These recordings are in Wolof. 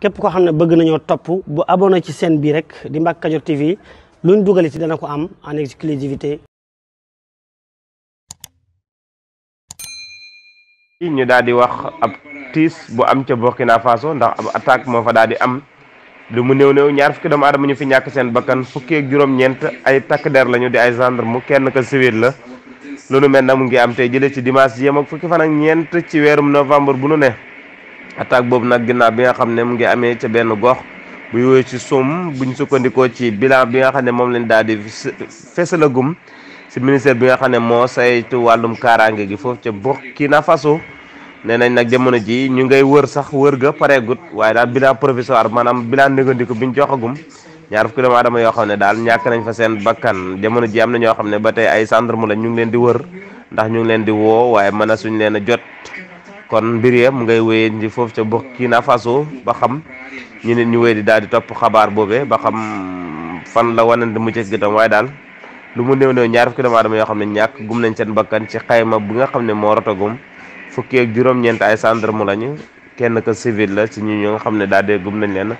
képp koo xam ne bëgg nañoo topp bu abonné ci seen bii rek di Mbacke Kadior TV luñ dugale ci dana ko am en exclusivité ñu daal di wax ab tiis bu am ki Burkina Faso ndax ab attaque moo fa daal di am lu mu néew néew ñaar fukki doomu aadama ñu fi ñàkk seen bakkan fukki juróom-ñeent ay takk der lañu di ay gendre mu kenn ka civil la lu nu mel na mu ngi am tey jëlee ci dimanche yem fukki fan ñeent ci weerum novembre bu nu ne. attaque boobu nag ginnaaw bi nga xam ne mu ngi amee ca benn gox bu yooyu ci sum buñ sukkandikoo ci bilan bi nga xam ne moom lañ daal di fesalagum si ministère bi nga xam ne moo saytu wàllum kaaraange gi foofu kii Burkina Faso nee nañ nag jamono ji ñu ngay wër sax wër ga pareegut waaye daal bilan provisoire maanaam bilan négandiku biñ joxagum ñaar fukki doomu dama yoo xam ne daal ñàkk nañ fa seen bakkan jamono ji am na ñoo xam ne ba tey ay mu la ñu ngi leen di wër ndax ñu ngi leen di woo waaye mën a suñ leen a jot kon mbir ya mu ngay woyee di foofu ca Burkina Faso ba xam ñeneen ñu wéy di daal di topp xabaar boobee ba xam fan la wanante mu ci gëtam waaye daal lu mu néew néew ñaar fukki doomu aadama yoo xam ne ñàkk gum nañ seen bakkan ci xayma bi nga xam ne moo rotagum fukki ak juróom-ñeent ay gendarme lañu kenn ka civil la ci ñu ñoo nga xam ne daal de gum nañ leen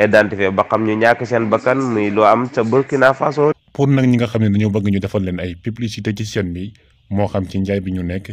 identifié ba xam ñu ñàkk seen bakkan muy loo am ca Burkina Faso. pour nag ñi nga xam ne dañoo bëgg ñu defal leen ay puplicité ci seen bi moo xam ci njaay bi ñu nekk.